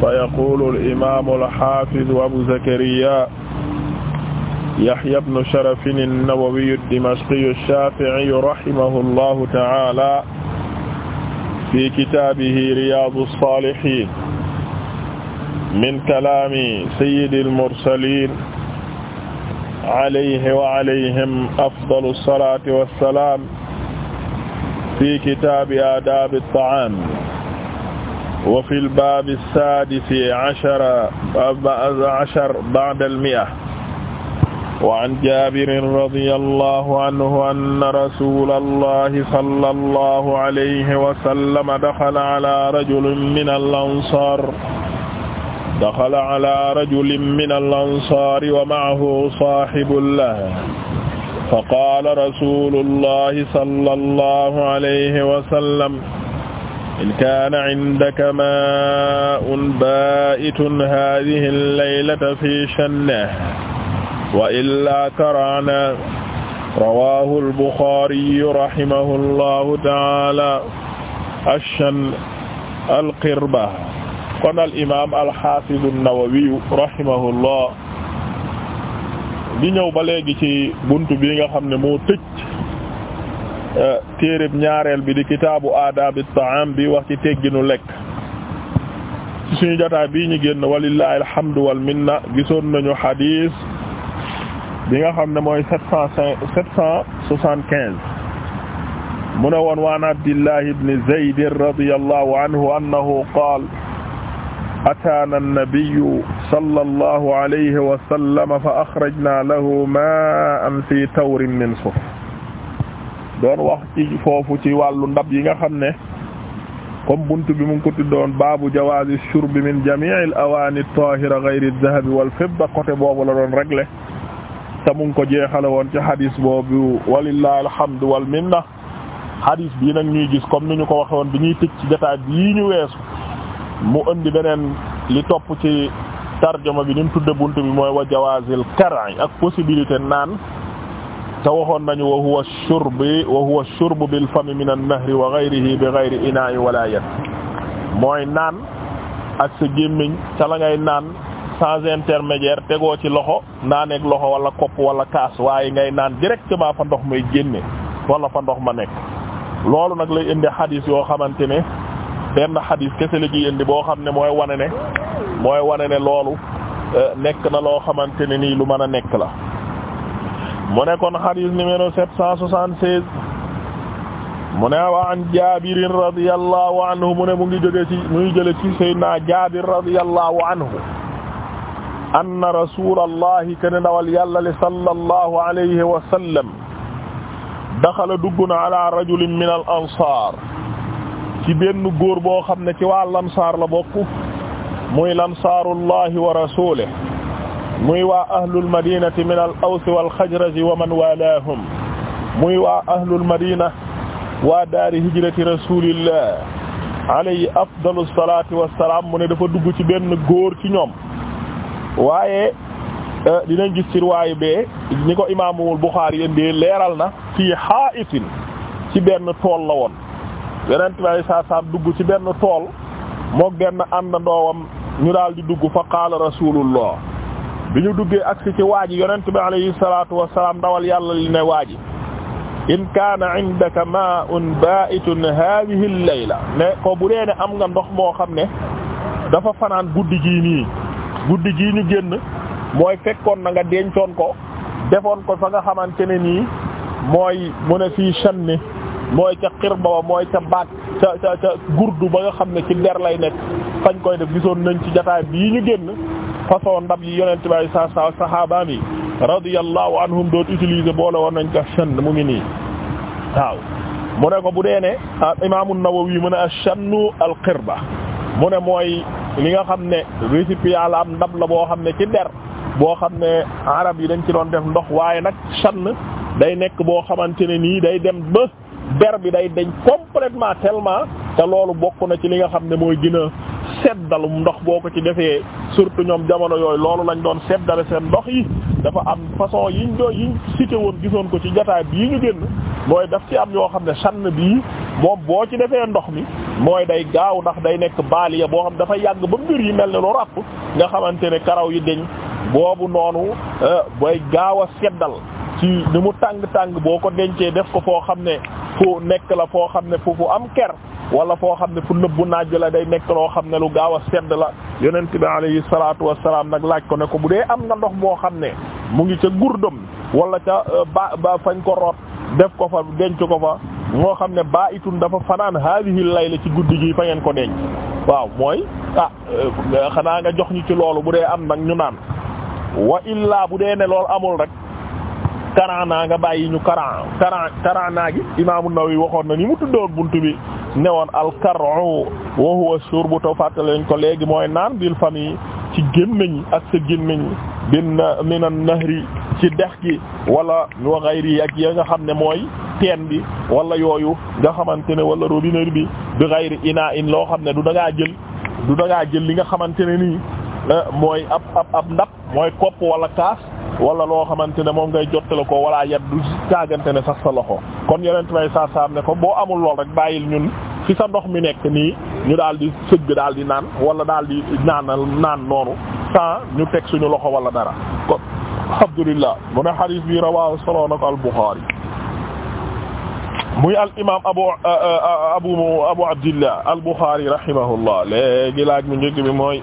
fa yaqulu al-imaamu al-haafidu abu zakariyaa yahya bnu sharafin an-nawawiyu ad-dimashqiyu ash-shaafi'iyu rahimahu llahu ta'aalaa fi kitaabihi riyaadu as-saalihiin min kalaami sayyidi al-mursaliin alayhi wa alayhim afdalu as-salaati was-salaam fi kitaabi aadaabi at-ta'aam wa fi lbaabi saadisi ashara ashar ba'da al-mi'a wa an jaabirin radiyallahu anhu anna rasuulallahi sallallahu alayhi wa sallam daxala ala rajulin min al-ansaar daxala ala rajulin min al-ansaar wa ma'ahu saahibun lahu fa qaala rasuulullahi sallallahu alayhi wa sallam in kaana indaka maa'un baa'itun haadihi laylata fi shannihi wa illaa karana rawaahu al-Buxaari rahimahullahu ta'aala ash-shan al-qirba kon al-imaam al-haafiz an-Nawawi rahimahullah di ñëw ba léegi ci buntu bi nga xam ne moo tëj téereb ñaareel bi di kitaabu aadaabi taam bi wax ci tegginu lekk ci suñu jotaay bii ñu génn walillahi alhamdu wal minna gisoon nañu bi nga xam ne mooy sept cent cinq sept cent soixante-quinze mu ne woon waan abdillahi ibni zaydin radiyallahu anhu annahu qaal fi tawrin min doon wax ci foofu ci wàllu ndab yi nga xam ne comme bunt bi mu ngi ko tuddoon baabu jawaazi shurbi min jami'il awaani tahira ghayri adh-dhahabi wal fidda côté boobu la doon réglé te mu ngi ko jeexale woon ci hadis boobu walillahi alhamdu wal minna hadis bii nag ñuy gis comme ni ñu ko waxe woon bi ñuy tëj ci jotaay bii ñu weesu mu indi beneen li topp ci tarjuma bi ni mu tudde bunt bi mooy wa jawaazil kar'i ak possibilité naan te waxoon nañu wa huwa shurbi wa huwa shurbu bil fami min an-nahri wa ghayrihi bi ghayri ina'i wala yad mooy naan ak sa gémmiñ ca ngay naan sans intermédiaire tegoo ci loxo naaneeg loxo wala kop wala kaas waaye ngay naan directement fa ndox mooy génne wala fa ndox ma nekk loolu nag lay indi xadis yoo xamante ne benn xadis kese la ciy indi boo xam ne mooy wane ne mooy wane ne loolu eh, nekk na loo xamante ne nii lu mën a nekk la mu ne kon xadis numéro 776 mu ne wa an Jaabirin radiyallahu anhu mu ne mu ngi jóge ci mu ngi jële ci Seydina Jaabir radiyallahu anhu anna rasulallahi kana dawal yàlla li sallallahu alayhi wa sallam daxala dugg na ala rajulin min al ansaar ci benn góor boo xam ne ci waa lansaar la bokk muy lansaarullahi wa rasulihi muy waa ahlul madinati min al aws wal xajraj wa man walaahum muy waa ahlul madina waa daari hijrati rasulillah alayhi afdalu salaati wassalaam mu ne dafa dugg ci benn góor ci ñoom waaye eh, dinañ gis ci riwaayu bee ni ko imaamul Buxaari indi leeral na fi haa'itin ci benn tool la woon yonent bi saa saa dugg ci benn tool mook benn àndandoowam ñu daal di dugg fa qaala rasulullah bi ñu duggee agsi ci waa ji yonent bi alayhi salaatu wa salaam dawal yàlla li ne waa ji in kaana indaka maa'un baa'itun haadihi al-layla ne ko bu dee ne am nga ndox moo xam ne dafa fanaan guddi gii nii guddi gii ñu génn mooy fekkoon na nga dencoon ko defoon ko fa nga xamante ne nii mooy mu ne fii shanni mooy ca xirba ba mooy ca baat ca ca gurdu ba nga xam ne ci der lay nekk fañ koy def gisoon nañ ci jataay bii ñu génn façon ndab yi yonent bi sa sa sahabaam yi radiyallahu anhum doon utiliser boole woon nañ ko shann mu ngi nii waaw mu ne ko bu dee ne ah, imaamu Nawawi mu ne ash-shannu al-qirba mu ne mooy li nga xam ne récipient yàlla am ndab la boo xam ne ci der boo xam ne arab yi dañ ci doon def ndox waaye nag shann day nekk boo xamante ne nii day dem ba der bi day deñ complètement tellement te loolu bokk na ci li nga xam ne mooy gën seddalum ndox boo ko ci defee surtout ñoom jamono yooyu loolu lañ doon seddale seen ndox yi dafa am façon yiñ doon yiñ cité woon gisoon ko ci jotaay bii ñu génn mooy daf ci am yoo xam ne sànn bii moom boo ci defee ndox mi mooy day gaaw ndax day nekk baaliya boo xam ne dafa yàgg ba mbir yi mel ne lu ràpp nga xamante ne karaw yi deñ boobu noonu euh, bay gaaw a seddal ci ni mu tàng-tàng boo ko dencee def ko foo xam ne fu nekk la foo xam ne fu fu am ker wala foo xam ne fu nëbbu naaj la day nekk loo xam ne lu gaaw a sedd la yonent bi alayhi salaatu wassalaam nag laaj ko ne ko bu dee am nga ndox moo xam ne mu ngi ca gurdom wala ca euh, ba ba fañ ko root def ko fa denc ko fa moo xam ne baa itun dafa fanaan lay la ci guddi gi fa ngeen ko denc waaw mooy ah euh, xanaa nga jox ñu ci loolu bu dee am nag ñu naan wa illaa bu dee ne loolu amul rek karanaa nga bàyyi ñu karan karan karanaa gi imaamu yi waxoon na ni mu tuddoon buntu bi ne woon alkaru wa huwa shurbu taw fàttale lañ ko léegi mooy naan bil fami ci gémmiñ ak sa gémmiñ na minan nahri ci dex gi wala wa ghayri ak ya nga xam ne mooy teen bi wala yooyu nga xamante ne wala robinet bi bi ghayri ina in loo xam ne du dangaa jël du dangaa jël li nga xamante ne nii eh, mooy ab ab ab ndab mooy kopp wala kaas wala loo xamante ne moom ngay jottale ko wala yat caagante ne sax sa loxo kon yeneen may saa saam ne ko boo amul lool rek bàyyil ñun fi sa ndox mi nekk nii ñu daal di sëgg daal di naan wala daal di naanal naan noonu sans ñu teg suñu loxo wala dara ko alhamdulillah mu ne xadiis bi rawaahu solo na ko al Buxaari muy al imaam abu abu abdillah al Buxaari rahimahullah léegi laaj mu njëkk bi mooy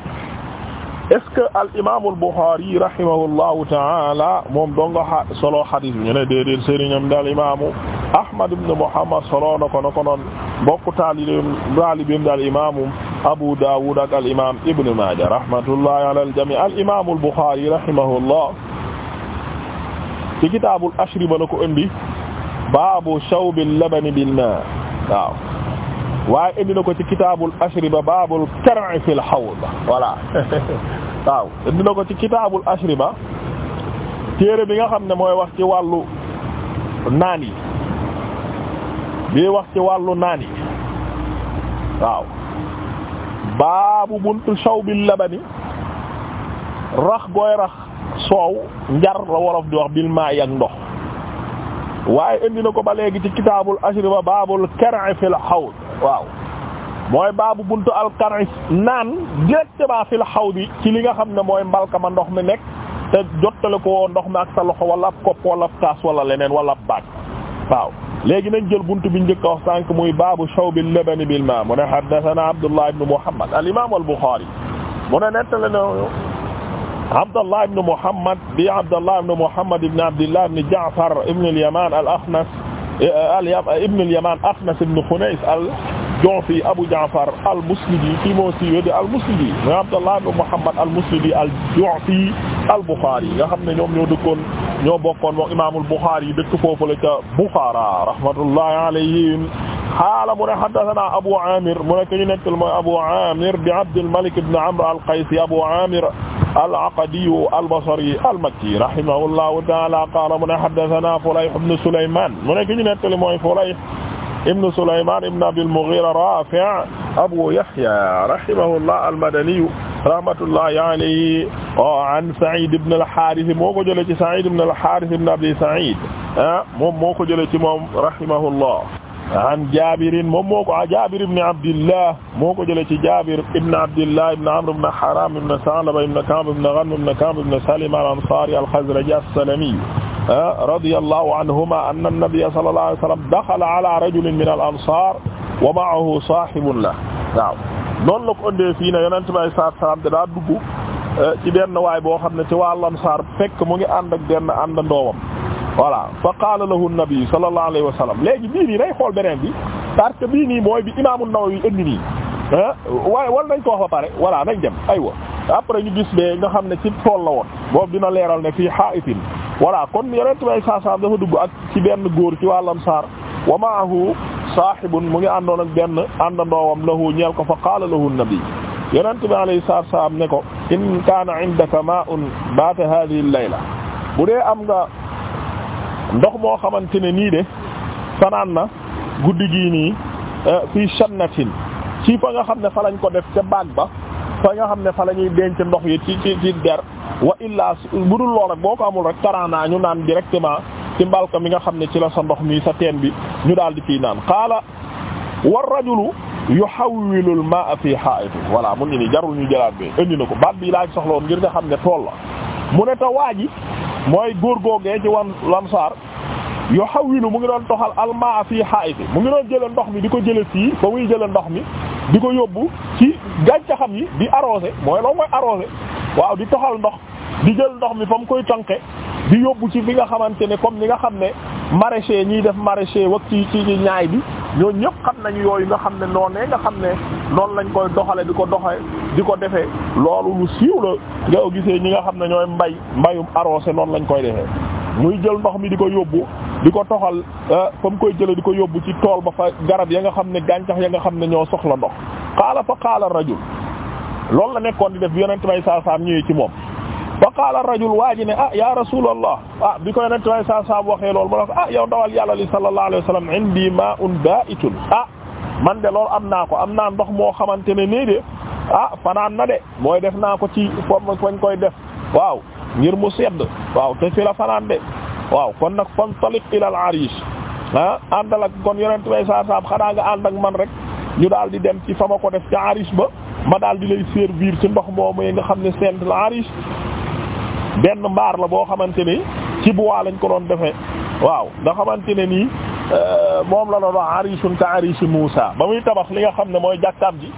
est-ce que al imaamul Buxaari rahimahullahu taala moom dong nga solo xadis bi ñu ne déedéet sëriñam daal imaamu Ahmad ibn Muhammad solo na ko na ko noon bokk taalibeem taalibeem daal imaamu Abu Daawud ak al imaam Ibn Maaja rahmatullahi ala al jamii al imaamul Buxaari rahimahullah ci kitaabul ashriba la ko indi baabu shawbil labani bil maa waaw. waaye indi na ko ci kitaabul ashriba baabul kar'i fil hawd voilà waaw indi na ko ci kitaabul ashriba téere bi nga xam ne mooy wax ci wàllu naan yi bii wax ci wàllu naan yi waaw baabu buntu shawbil labani rax gooy rax soow njar la wolof di wax bil maa'i ak ndox waaye indi na ko ba léegi ci kitaabul ba baabul kar'i fil hawd waaw mooy baabu buntu alkanis naan directement fil xawdi ci li nga xam ne mooy mbalka ma ndox mi nekk te jottale ko ndox mi ak sa loxo wala ab kopp wala ab taas wala leneen wala ab baag waaw léegi nañ jël buntu bi njëkk a wax sànq muy baabu shawbi labani bil ma mu ne haddathana abdullah ibn muhammad al imam al bukhari mu ne nettale na abdullah ibn muhammad bi abdullah ibn muhammad ibn abdillah ibn ja'far ibn al yaman al akhnas Eh, ibn al-Yaman Akhnas ibn Khunays al-Ju'fi Abu Ja'far al-Muslidi kii moo siiwee di al-Muslidi mooy Abdallah ibn Muhammad al-Muslidi al-Ju'fi al-Bukhari nga xam ne ñoom ñoo dëkkoon ñoo bokkoon moom imaamul Bukhari dëkk foofu la ca Bukhara rahmatullahi alayhim xaala mu ne haddasanaa Abu Amir mu ne ko ñu nekkal mooy Abu Amir di Abdul Malik ibn Amr al-Qaysi Abu Amir al-Aqadiyu al-Basriyu al-Makkiyu rahimahullahu ta'ala qaala mu ne haddathana Fulayh ibn Sulaymaan mu ne ki ñu nettali mooy Fulayh ibn Sulaymaan ibn Abil Mughiira Raafi' Abu Yahya rahimahullah al-Madaniyu rahmatullahi alayhi an Sa'iid ibn al-Haarith moo ko jëlee ci Sa'iid ibn al-Haarith ibn Abi Sa'iid ah moom moo ko jëlee ci moom rahimahullah an jabirin moom moo ko ah, jabir ibn abdillah moo ko jëlee ci jabir ibn abdillah ibn amr ibn haram ibn sa'laba ibn ka'b ibn ghanm ibn ka'b ibn salim al-ansari al-khazraji as-salami ah, radiyallahu anhuma anna an-nabiyya sallallahu alayhi wa sallam dakhala ala rajulin min al-ansar wa ma'ahu sahibun lahu waaw noonu la ko ëndee fii ne yonent bi alayhi salaatu wa salaam daa dugg eh, ci benn waay boo xam ne ci waa Ansaar fekk mu ngi ànd ak benn àndandoowam voilà fa qaala lahu nabi sallallahu alayhi wa sallam léegi bii nii day xool beneen bi parce que bii nii mooy bi imaamu Nawawi indi nii ah waaye wala nañ ko wax ba pare voilà nañ dem aywa après ñu gis bee nga xam ne ci tool la woon boobu dina leeral ne fii xaa'itin voilà kon yonent bay saasaam dafa dugg ak ci benn góor ci waa Ansaar wa ma'ahu saahibun mu ngi àndoon ak benn àndandoowam lahu ñel ko fa qaala lahu nabi yonent bi alayhi salaam ne ko in kaana indaka maa'un baata haadhihi al-layla bu dee am nga ndox moo xamante ne nii de sa fanaan na guddi gii nii euh, fii shannatin ci fa nga xam ne fa lañ ko def ca baag ba fa nga xam ne fa la ñuy denc ndox yi ci ci ci der wa illa bu dul lool rek boo ko amul rek taraanaa ñu naan directement ci ka mi nga xam ne ci la sa ndox mi sa teen bi ñu daal di ciy naan qaala war rajulu yuhawwilu al-maa'a fii haa'iti voilà mu ngi nii jarul ñu jëlaat bi indi na ko baat bi laaj soxla woon ngir nga xam ne tool la mu ne ta waaji mooy góor góor googee ci wan lansaar yo xawilu mu ngi doon toxal almaa fii xaayiti mu ngi doon jële ndox mi di ko jële fii ba muy jële ndox mi di ko yóbbu ci gàncaxam yi di arrosé mooy loolu mooy arrosé waaw di toxal ndox di jël ndox mi fa mu koy tànke di yóbbu ci fi nga xamante ne comme ni nga xam ne maraîcher ñuy def maraîcher wak ci ci ñaay bi ñoo ñëpp xam nañu yooyu nga xam ne noonee nga xam ne noonu lañ koy doxale di ko doxe di ko defee loolu lu siiw la nga gisee ñi nga xam ne ñooy mbay mbayum arrosé noonu lañ koy defee muy jël ndox mi di ko yóbbu di ko toxal eh, fa mu koy jële di ko yóbbu ci tool ba fa garab ya nga xam ne gàncax ya nga xam ne ñoo soxla ndox qaala fa qaala rajul loolu la nekkoon di def bi yonent bay saa saam ci moom fa qaala rajul waa ji ne ah ya rasulallah ah bi ko yonent bay saa saam waxee loolu mu ne ko ah yow dawal yàlla li sallallahu alayhi ah man de loolu am naa ko am naa ndox moo xamante ne nii de ah fanaan na de mooy def naa ko ci fom fañ koy def waaw ngir mu sedd waaw te fi fanaan de waaw kon nag fantaliq ila al arish ah àndal ak kon yonent bay saa saam xanaa nga ànd ak man rek ñu daal di dem ci fa ma ko def ca arish ba ma dal di lay servir ci ndox yi nga xam ne sent la arish benn mbaar la boo xamante ni ci bois lañ ko doon defee waaw nga xamante ne nii Euh, moom la doon wax arisun ka arisu Muusa ba muy tabax li nga xam ne mooy jàkkaam ji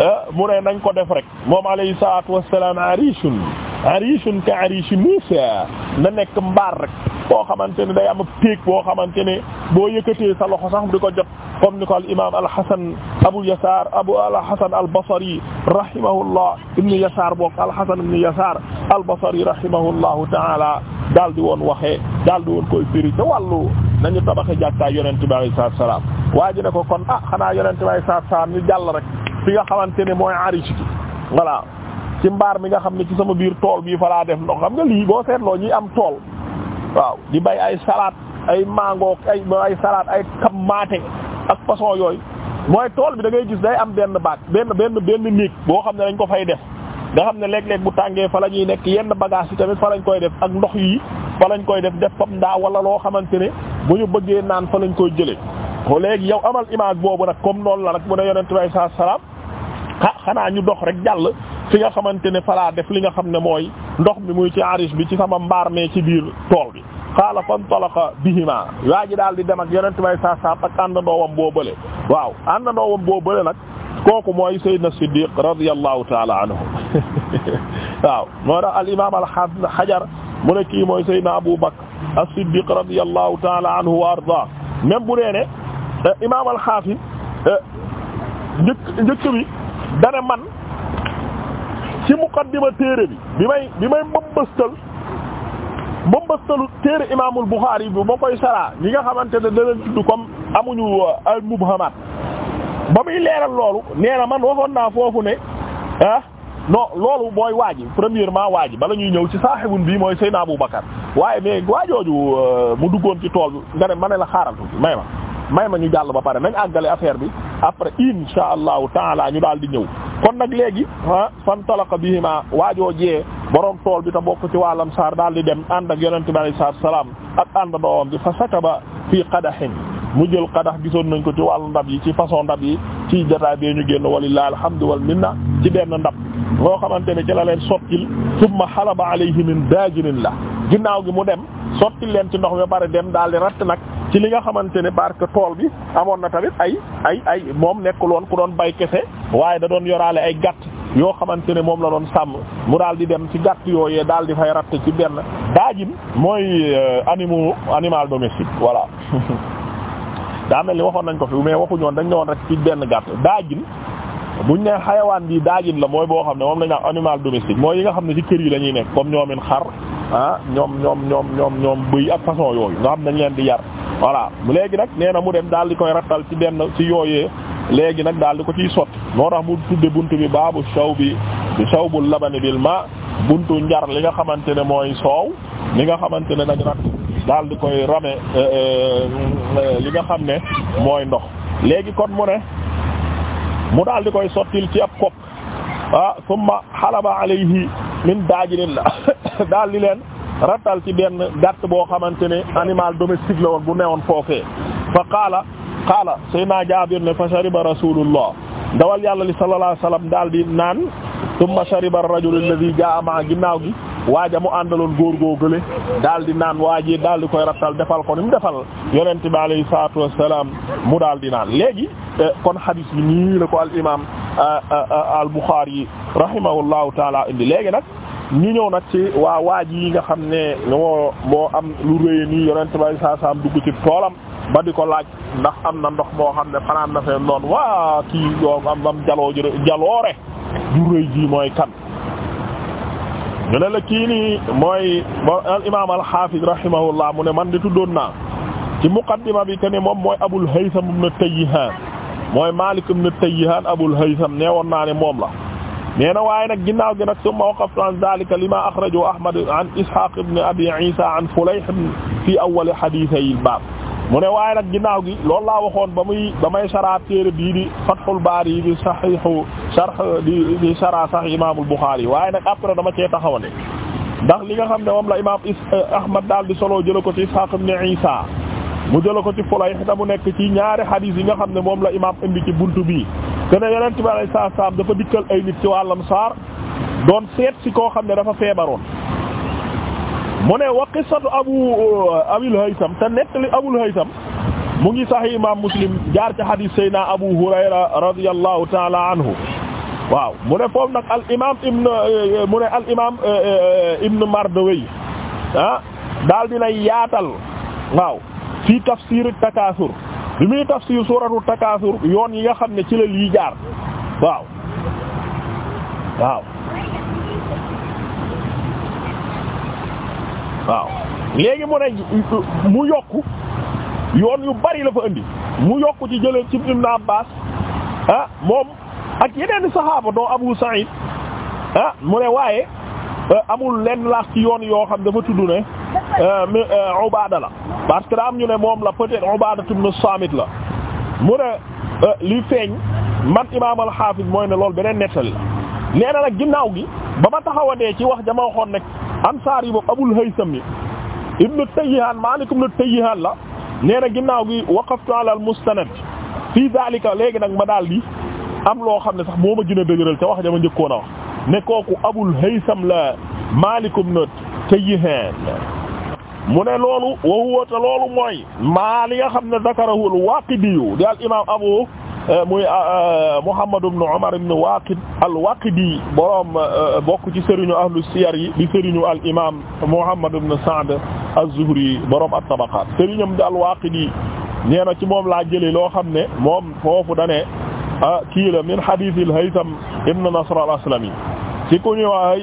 euh, mu ne nañ ko def rek moom alayhi salaatu wassalaam arisun arisun ka arisu Muusa na nekk mbaar rek boo xamante ne day am pic boo xamante ne boo yëkkatee sa loxo sax di ko jot comme ni ko al imaam al Hasan Abu Yasaar Abu al Hasan al Basri rahimahullah ibn Yasaar bokk al Hasan ibn Yasaar al Basri rahimahullahu ta'ala daal di woon waxee daal di woon koy firi ca wàllu nañu tabaxe jàkkaay Yonent bi alayhi salaatu wa salaam waa ji ko kon ah xanaa Yonent bi alayhi salaatu wa salaam ñu jàll rek fi nga xamante ne mooy arish gi voilà ci mbaar mi nga xam ne ci sama biir tool bii fa laa def ndox xam nga lii boo seetloo am tool waaw di bay ay salaat ay mango ay ay salade ay kam maate ak façon yooyu mooy tool bi dangay ngay gis day am benn baag benn benn benn néeg boo xam ne dañ ko fay def nga xam ne léeg-léeg bu tàngee fa la ñuy nekk yenn bagage yi tamit fa lañ koy def ak ndox yi fa lañ koy def def fam ndaa wala loo xamante ne bu ñu bëggee naan fa lañ koy jëlee ko léegi yow amal image boobu rek comme noonu la nag mu ne yonent bi sallallahu Ah, xanaa ñu dox rek jàll fi nga xamante ne falaa def li nga xam ne mooy ndox mi muy ci arish bi ci sama mbaar mee ci biir tool bi xaala fantalaqa bihima waa ji daal di dem ak yonent bay saa saa ak àndandoowam boo bële waaw àndandoowam boo bële nag kooku mooy sayyidna siddiq radiyallahu taala anhu waaw moo tax al imam al xajar mu ne kii mooy sayyidna abu bakr as-siddiq radiyallahu taala anhu wa arda même bu nee ne eh, imam al xaafiz eh, njëkk njëkk dana man ci muqaddima téere bi bi may bi may mbëmbëstal mbëmbëstalu téere imaamul Buxaari bi ma koy saraa ñi nga xamante ne dana tudd comme amuñu uh, al mubhamaat ba muy leeral loolu nee man waxoon naa foofu ne ah non loolu mooy waaji premièrement waaji bala ñuy ñëw ci saaxibun bii mooy Seydina Abu Bakar waaye mais waajooju uh, mu duggoon ci tool bi nga ne ma la xaaral may ma may ma ñu jàll ba pare nañ àggale affaire bi après insha allahu taala ñu daal di ñëw kon nag léegi ah bi bihima waajoo jee borom tool bi te bokk ci wàllam saar daal di dem ànd ak yonente bi alayhi salaam ak ànd doowam bi fa sakaba fii qadahin mu jël qadax gisoon nañ ko ci wàllu ndab yi ci façon ndab yi ci jotaay bee ñu génn walillahi alhamdu wal minna ci benn ndab loo xamante ne ci la leen sottil summa xalaba alayhi min daajinin la ginnaaw gi mu dem sottil leen ci ndox mi pare dem daal di ratt nag ci li nga xamante ne parce que tool bi amoon na tamit ay ay ay moom nekkul woon ku doon bay kese waaye da doon yoraale ay gàtt yoo xamante ne moom la doon sàmm mu daal di dem ci gàtt yooyee daal di fay ratte ci benn daajin mooy euh, animaux animal domestique voilà daa mel ni waxoon nañ ko fi mais waxuñoon dañ ne woon rek ci benn gàtt daajin buñ ne xayawaan bi daajin la mooy boo xam ne moom la ñu wax animal domestique mooy yi nga xam ne ci kër yi la ñuy nekk comme ñoomin xar ah ñoom ñoom ñoom ñoom ñoom bëy ak façon yooyu nga xam leen di yar voilà léegi nag nee na mu dem daal di koy rattal ci benn ci yooyee léegi nag daal di ko ciy sotti moo tax mu tudde buntu bi baabu saw bi saw bu labani bil ma buntu njar li nga xamante ne mooy soow li nga xamante ne nag daal di koy rame euh, euh, li nga xam ne mooy ndox léegi kon mu ne mu daal di koy sottil ci ab kopp ah summa xalaba alayhi min daajilin la daal di leen rattal ci benn gàtt boo xamante ne animal domestique la woon bu newoon foofee fa qaala qaala sayna Jaabir ne fa shariba rasulullah dawal yàlla li sallallahu alayhi wasallam daal di naan summa shariba ar-rajul alladhi jaa ma ginnaaw gi waaja mu àndaloon góor goo gële daal di naan waaji daal di koy rattal defal ko ni mu defal yonent bi alayhi salaatu wassalaam mu daal di naan léegi eh, kon hadis bi nii la ko al imam eh, eh, al Bukhari rahimahullahu taala indi léegi nag ñu ñëw nag ci waa waaj yi nga xam ne moo moo am lu rëy nii yonent bi saa saam dugg ci di ko laaj ndax am na ndox moo xam ne fanaan na fee noonu waa am jaloo jaloore ju rëy ji mooy kan ñu ne la kii nii mooy al imaam al xaafiz rahimahullah mu ne man di tuddoon naa ci muqaddima bi que ne moom mooy abul haytham ibn tayyihan mooy malik ibn tayyihan abul haytham nee woon naa ne moom la nee na waaye nag ginnaaw gi nag summa waqaftu an dhalika lima axrajahu ahmad an ishaq ibn abi isa an fulayh fi awwal hadithay al baab mu ne waaye nag ginnaaw gi loolu laa waxoon ba muy ba may sara téere bii di Fathul Baari di saxiixu sarx di di sara sax imaamul Buxaari waaye nag après dama cee taxawale ndax li nga xam ne moom la imaam Ahmad daal di solo jëla ko ci Isxaaq ibn Isa mu jëla ko ci Fulayh te mu nekk ci ñaari xadiis yi nga xam ne moom la imaam indi ci buntu bii te ne Yonent bi alayhi salaam dafa dikkal ay nit ci wàllam saar doon seet si koo xam ne dafa feebaroon mu ne wa qissatu abu abul haytham te nettali abul haytham mu ngi sahih imam muslim jaar ci hadis sayna abu hurayra radiyallahu taala anhu waaw mu ne foofu nag al imam ibn eh, eh, eh, mardawey ah, daal dina yaatal waaw fii tafsir takaasur bi tafsir suratu takaasur yoon yi nga xam ne ci la lii jaar waaw waaw waaw léegi mu ne mu yokku yoon yu bari la fa indi mu yokk ci jëlee ci Ibn Abbas ah moom ak yeneen saxaaba doo Abu Sa'id ah mu ne waaye euh, amul lenn laas ci yoon yoo xam dafa tudd ne euh, euh, Ubaada la parce que daa am ñu ne moom la peut-être Ubaada ibn Saamit la mu ne li feeñ man imaam al-Hafiz mooy ne loolu beneen nettali la nee na nag ginnaaw gi ba ma taxawadee ci wax dama waxoon nag ansaar yi boobu abul haysam yi ibnu tayyihaan maalik ibnu tayyihaan la nee ginnaaw gi waqaftu ala al mustanad fii daalika léegi nag ma daal di am loo xam ne sax moo ma gën a dëgëral wax dama njëkkoon wax ne kooku abul haysam la maalik ibnu tayyihaan mu ne loolu wa huwa te loolu mooy maa li nga xam ne zakarahu al waaqidiyu di al imaam abu Euh, muy euh, euh, Muhammad ibn Umar ibn Waaqid al-Waaqidi boroom bokk ci sëriñu ahlu siyar yi di sëriñu al imaam Muhammad ibn Sa'd az-Zuhri boroom at-Tabaqaat sëriñam di al-Waaqidi nee na ci moom laa jëlee loo xam ne moom foofu da ne ah, kii la min hadiis al-Haytham ibn Nasr al-Aslami ci ku ñuy wax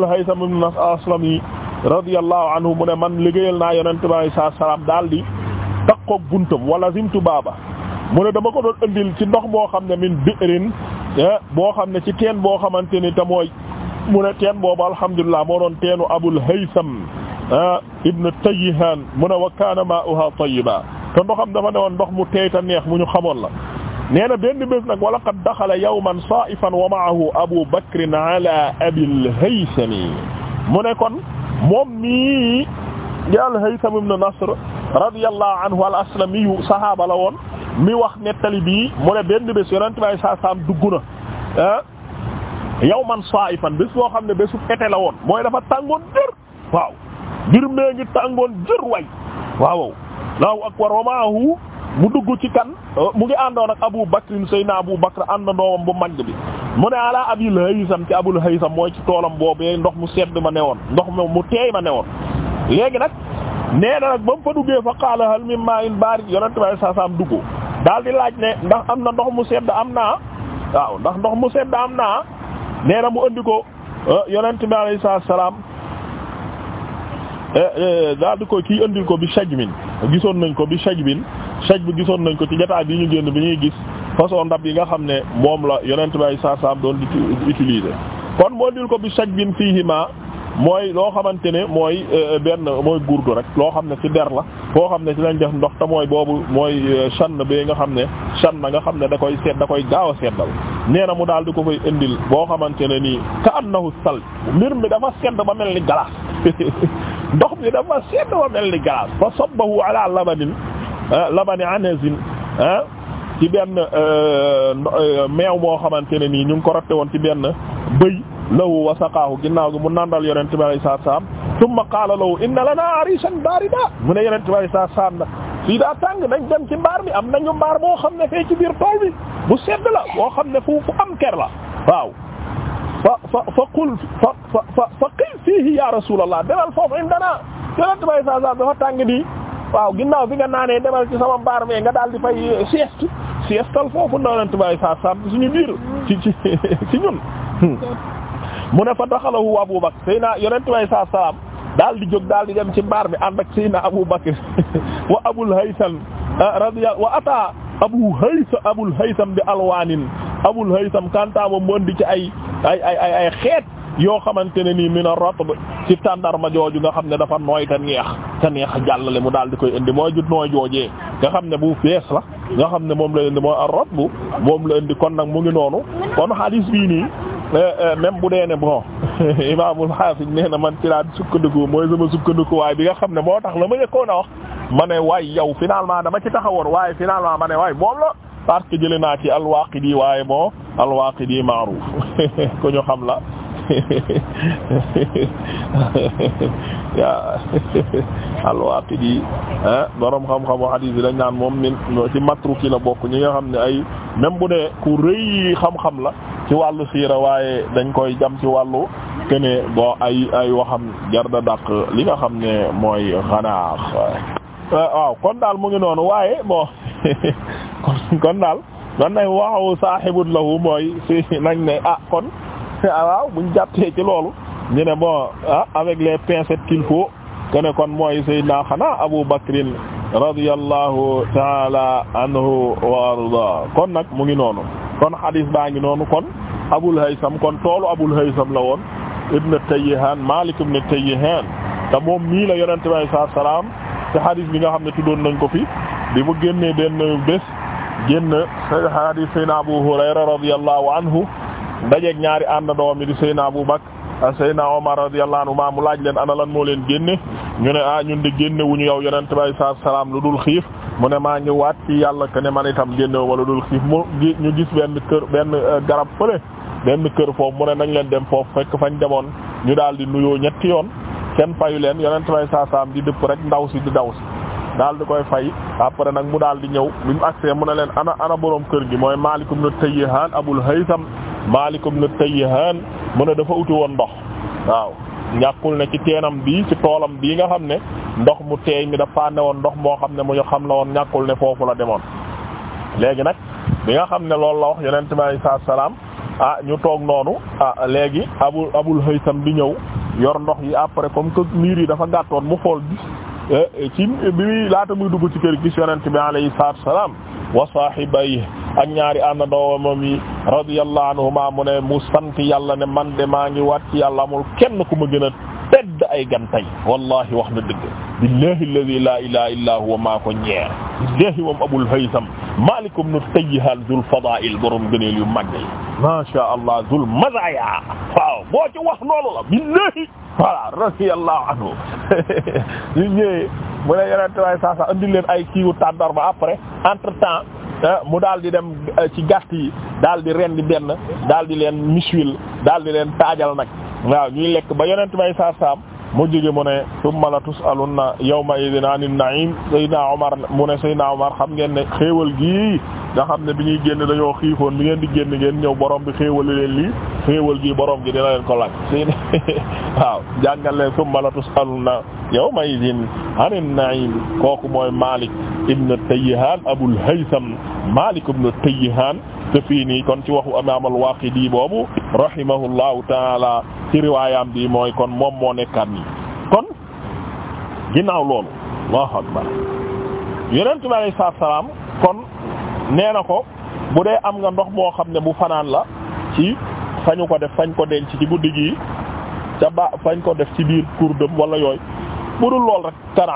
al-Haytham ibn Nasr al-Aslami radiyallahu anhu mu ne man liggéeyal naa Yonent bi sallallahu alayhi wa sallam daal di taqoog buntam wa lazimtu baaba mu ne dama ko doon indil ci ndox boo xam ne min bi'rin eh, boo xam ne ci teen boo xamante ni te mooy mu ne teen boobu alhamdulilah moo doon teenu Abul Haytham eh, ibn Tayyihan mu ne wa kaana maa'uha tayyiba te ndoxam dafa ne woon ndox mu teey ta neex mu ñu xamoon la nee na benn bés nag wala qad daxala yawman saa'ifan wa ma'ahu Abu Bakrin ala Abil Haythami mu ne kon moom mii di Al Haytham ibn Nasr radiyallahu anhu al aslamiyu sahaaba la woon mi wax nettali bii mu ne benn bés yonent bi saa dugg na ah yow man saa yi fan bés boo xam ne bésu été la woon mooy dafa tàngoon jër waaw mbir mee ngi tàngoon jër way waaw laahu akbar wa mu dugg ci kan ah, mu ngi àndoon ak Abu Bakr Seydina Abu Bakr ànd ndoomam bu mag bi mu ne ala Abil Haysam ci Abul Haysam mooy ci toolam boobee ndox mu sedd ma newoon ndox mu teey ma newoon léegi nag nee na nag ba mu fa duggee fa qaala hal min dugg. daal di laaj ne ndax am na ndox mu sedd am naa waaw ndax ndox mu sedd am naa nee mu indi ko eh, yonent bi alayhi salaam eh, eh, daal di ko kii andil ko bi shajmin gisoon nañ ko bi bin shaj bi gisoon nañ ko ci jotaay bi ñu génn bi ñuy gis façon ndab yi nga xam ne moom la yonent bi alayhi salaam doon di utiliser kon moo andil ko bi shajmin fiihimaa mooy loo xamante ne mooy euh, benn mooy gurdu rek loo xam ne ci der la foo xam ne ci lañ def ndox te mooy boobu mooy shann euh, bee nga xam ne shann nga xam ne da koy seet da koy gaaw a seddal nee na mu daal di ko fay indil boo xamante ne nii ka annahu sal mbir mi dafa sedd ba mel ni glace ndox mi dafa sedd ba mel ni glace fa sabbahu ala labanin euh, labani anasin ah ci benn meew moo xamante ne nii ñu ngi ko ratte woon ci benn bëy lahu wa saqaahu ginnaaw gi mu nandal yonente bi alayhi salaatu salaam tumma qaala lahu inna lanaa ariishan baarida mu ne yonente bi alayhi na salaam nag fii daa tàng nañ dem ci mbaar mi am nañu mbaar boo xam ne fee ci biir tool bi bu sedd la boo xam ne fu fu am ker la waaw fa fa fa qul fa fa fa qil fiihi ya rasuulallah demal foofu indana yonente bi nga naanee demal ci sama mbaar mi nga daal di fay sieste siestal foofu na yonente bi alayhi salaatu salaam suñu biir ci ci ci ñun hmm. mu ne fa daxalahu Abu Bakr Seydina yonent way saa salaam daal di jóg daal di dem ci mbaar bi ànd ak Seydina Abu Bakr wa Abul Haytham ah, radiya wa ata Abu Haytham Abul Haytham bi alwaanin Abul Haytham kanta moom mu andi ci ay ay ay ay xeet yoo xamante ne nii min ar-ratb ci tàndarma jooju nga xam ne dafa nooy te neex te neex jàllale mu daal di koy indi mooy jut nooy joojee nga xam ne bu fees la nga xam ne moom la indi mooy ar-ratb moom la indi kon nag mu ngi noonu kon hadis bii nii Euh, euh, même bu dee ne bon imaamul xaafis nee na man ci laa sukkandiku mooy sama sukkandiku waaye bi nga xam ne moo tax la ma yëkkoon a wax ma ne waay yow finalement dama ci taxawoon waaye finalement ma ne waay moom la parce que naa ci al-Waaqidi waaye bon al-Waaqidi ma'ruuf ku ñu xam la yaa al-Waaqidi ah borom xam-xamu hadiis bi dañ naan moom min ci matruki la bokk ñi nga xam ne ay même bu dee ku rëy xam-xam la. ci wàllu siira waaye dañ koy jam ci wàllu kene bon ay ay waxam jar da li nga xam ne mooy xanaax eh, waaw kon daal mu ngi noonu waaye bon kon daal man nañ waxawu saahibun lahu mooy si nañ ne ah kon ah, waaw buñ jàttee ci loolu ñu ne bon ah avec les pincettes qu'il kene kon mooy Seydina xanaa Abu Bakrin radiyallahu taala anhu wa arda kon nag mu ngi noonu kon xadis baa ngi noonu kon Abul Haysam kon toolu Abul Haysam la woon ibn Tayyihan Malik ibn Tayyihan te moom mii la yonente bi salaam te xadis bi nga xam ne tuddoon nañ ko fi bi mu génnee benn bés génn xadis Seydina Abu Hurayra radiyallahu anhu dajeeg ñaari àndandoom yi di Seydina Abu Bakr ak Seydina Omar radiyallahu anhu maa mu laaj leen ana lan moo leen génne ñu ne ah ñun de génne wuñu yow yonente bi alayhi salaatu salaam lu dul xiif mu ne maa ñëwaat ci yàlla que ne man itam génne wala dul xiif mu ñu gis benn kër benn euh, garab fële benn kër foofu mu ne nañ leen dem foofu fekk fañ demoon ñu daal di nuyoo ñetti yoon kenn fayu leen yonent may saasaam di dëpp rek ndaw si di daw si daal di koy fay après nag mu daal di ñëw bi mu agsee mu ne leen ana ana boroom kër gi mooy Maalik ibn Tayyihaan Abul Haytham Maalik ibn Tayyihaan mu ne dafa uti woon ndox waaw ñàkkul ne ci teenam bii ci toolam bii nga xam ne ndox mu teey mi dafa woon ndox moo xam ne mu ñu xam na woon ñàkkul ne foofu la demoon léegi nag bi nga xam ne loolu la wax yonent bi alayhi salaatu salaam ah ñu toog noonu ah léegi abu abul haysam bi ñëw yor ndox yi après comme que miir yi dafa gàttoon mu xool gis eh, ci bi laata muy dugg ci kër gis yonent bi alayhi salaatu salaam wa saahibayhi ak ñaari àndandoomam yi radiyallahu anhuma ne mu sant yàlla ne man maa ngi waat kenn ku ma gën a tedd ay gan tey wallahi wax na dëgg billahi alladhi la ilaha illa huwa maa ko billahi moom abul haytham malikum nu tayyihal zul fadail borom gëneel yu mag ma sha allah zul mazaya wax loolu billahi voilà radiyallahu anhu ñu ñëwee mu ne yeneen tuwaay saa saa andi leen ay kiiwu tàndar ba après entre temps mu daal di dem eh, ci gàtt yi daal di ren di benn daal di leen miswil daal di leen taajal nag waaw ñuy lekk ba yonent may saar saam mu jigi mu ne tumma la tusalunna yawma idin anin na'im Seydina Omar mu ne Seydina Omar xam ngeen ne xéewal gii nga xam ne bi ñuy génn dañoo xiifoon bi ngeen di génn ngeen ñëw borom bi xéewali leen lii xéewal gi borom gi dina leen ko laaj Seydina waaw jàngal leen tumma la tusalunna yawma idin anin na'im kooku mooy Malik ibn Tayyihan Abul Haytham Malik ibn Tayyihan te fii nii kon ci waxu imaam al-Waaqidi boobu rahimahullahu ta'ala ci riwaayam bi mooy kon moom moo nekkaat nii kon ginnaaw loolu allahu akbar yonent bi alayhi salaatu salaam kon nee na ko bu dee am nga ndox moo xam ne bu fanaan la ci fañu ko def fañ ko denc ci guddi gi ca ba fañ ko def ci biir kur dëm wala yooyu budul lool rek tara